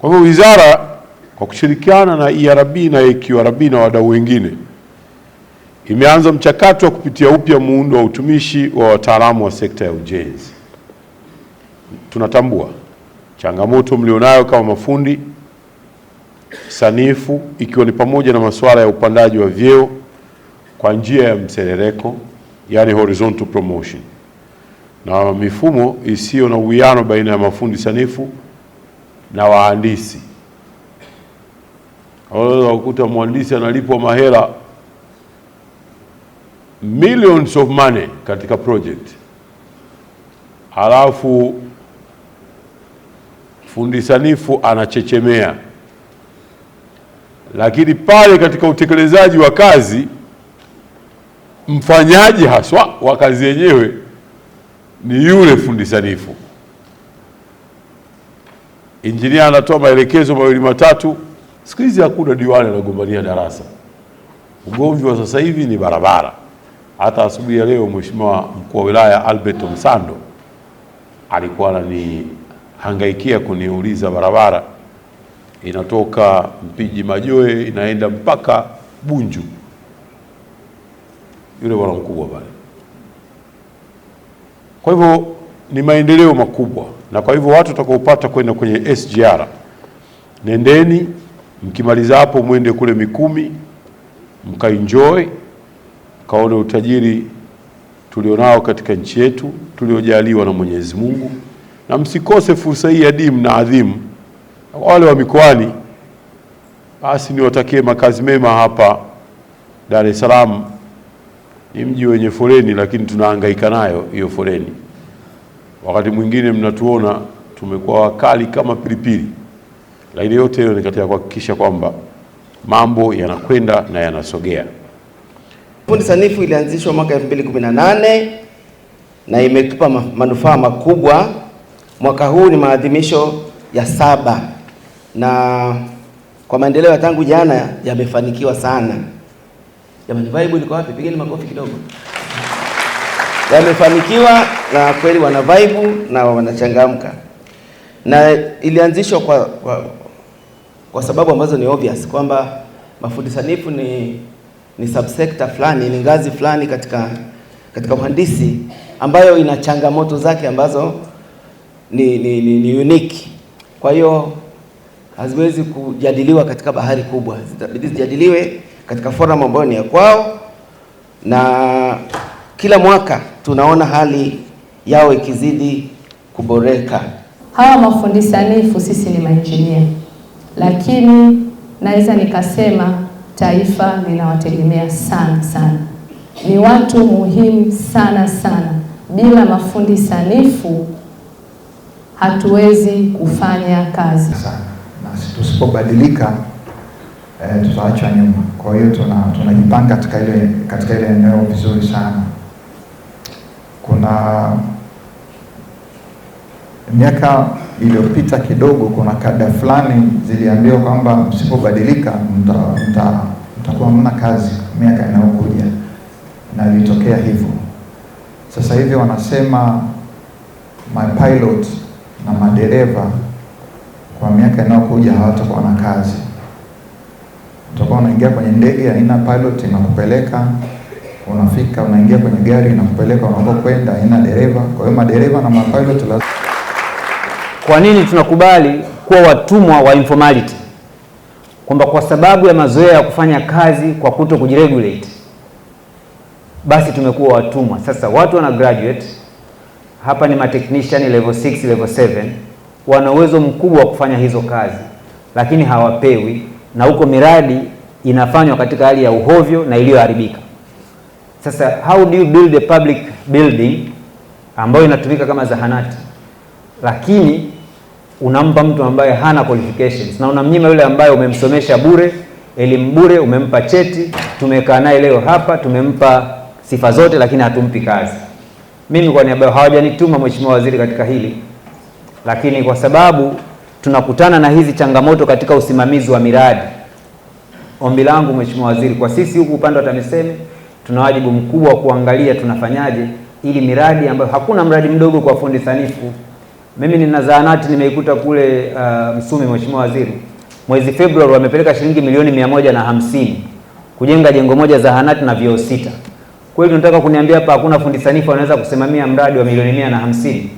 Kwa hivyo wizara kwa kushirikiana na ERB na AQRB na wadau wengine imeanza mchakato wa kupitia upya muundo wa utumishi wa wataalamu wa sekta ya ujenzi. Tunatambua changamoto mlionayo kama mafundi sanifu, ikiwa ni pamoja na masuala ya upandaji wa vyeo kwa njia ya mserereko, yani horizontal promotion, na mifumo isiyo na uwiano baina ya mafundi sanifu na wahandisi. Unaweza kukuta mhandisi analipwa mahela millions of money katika project, halafu fundi sanifu anachechemea, lakini pale katika utekelezaji wa kazi mfanyaji haswa wa kazi yenyewe ni yule fundi sanifu injinia anatoa maelekezo mawili matatu. Siku hizi hakuna diwani anagombania darasa. Ugomvi wa sasa hivi ni barabara. Hata asubuhi ya leo Mheshimiwa mkuu wa wilaya Albert Msando alikuwa ananihangaikia kuniuliza barabara inatoka Mpiji Majoe inaenda mpaka Bunju, yule bwana mkubwa pale. Kwa hivyo ni maendeleo makubwa na kwa hivyo watu watakaopata kwenda kwenye SGR nendeni, mkimaliza hapo mwende kule Mikumi mkaenjoy, kaone utajiri tulionao katika nchi yetu tuliojaliwa na Mwenyezi Mungu, na msikose fursa hii adimu na adhimu. Wale wa mikoani, basi niwatakie makazi mema. Hapa Dar es Salaam ni mji wenye foleni, lakini tunahangaika nayo hiyo foleni. Wakati mwingine mnatuona tumekuwa wakali kama pilipili, lakini yote hiyo ni katika kuhakikisha kwamba mambo yanakwenda na yanasogea. Fundi sanifu ilianzishwa mwaka 2018 na imetupa manufaa makubwa. Mwaka huu ni maadhimisho ya saba na kwa maendeleo ya tangu jana yamefanikiwa sana. Jamani, vibe wapi? Pigeni makofi kidogo wamefanikiwa na kweli wana vibe na wanachangamka, na ilianzishwa kwa, kwa, kwa sababu ambazo ni obvious kwamba mafundi sanifu ni, ni subsector fulani, ni ngazi fulani katika katika uhandisi ambayo ina changamoto zake ambazo ni, ni, ni, ni unique. Kwa hiyo haziwezi kujadiliwa katika bahari kubwa, zitabidi zijadiliwe katika forum ambayo ni ya kwao na kila mwaka tunaona hali yao ikizidi kuboreka. Hawa mafundi sanifu sisi ni mainjinia, lakini naweza nikasema taifa linawategemea sana sana, ni watu muhimu sana sana. Bila mafundi sanifu hatuwezi kufanya kazi sana, na tusipobadilika eh, tutaachwa nyuma. Kwa hiyo tunajipanga tuna katika ile katika ile eneo vizuri sana kuna miaka iliyopita kidogo, kuna kada fulani ziliambiwa kwamba msipobadilika mtakuwa mna kazi miaka inayokuja, na ilitokea hivyo. Sasa hivi wanasema mapilot na madereva kwa miaka inayokuja hawatakuwa na kazi, utakuwa unaingia kwenye ndege haina pilot inakupeleka unafika unaingia kwenye gari inakupeleka unaomba kwenda, haina dereva. Kwa hiyo madereva na mapilot lazima. Kwa nini tunakubali kuwa watumwa wa informality? Kwamba kwa sababu ya mazoea ya kufanya kazi kwa kuto kujiregulate, basi tumekuwa watumwa. Sasa watu wana graduate hapa ni matechnician level 6, level 7 wana uwezo mkubwa wa kufanya hizo kazi, lakini hawapewi, na huko miradi inafanywa katika hali ya uhovyo na iliyoharibika. Sasa how do you build a public building ambayo inatumika kama zahanati, lakini unampa mtu ambaye hana qualifications na unamnyima yule ambaye umemsomesha bure, elimu bure, umempa cheti, tumekaa naye leo hapa, tumempa sifa zote, lakini hatumpi kazi. Mimi kwa niaba hawajanituma Mheshimiwa Waziri katika hili, lakini kwa sababu tunakutana na hizi changamoto katika usimamizi wa miradi, ombi langu Mheshimiwa Waziri, kwa sisi huku upande wa TAMISEMI tuna wajibu mkubwa wa kuangalia tunafanyaje ili miradi ambayo hakuna mradi mdogo kwa fundi sanifu. Mimi nina zahanati nimeikuta kule uh, Msumi. Mheshimiwa Waziri, mwezi Februari wamepeleka shilingi milioni mia moja na hamsini kujenga jengo moja zahanati na vyoo sita. Kweli unataka kuniambia hapa hakuna fundi sanifu anaweza kusimamia mradi wa milioni mia na hamsini?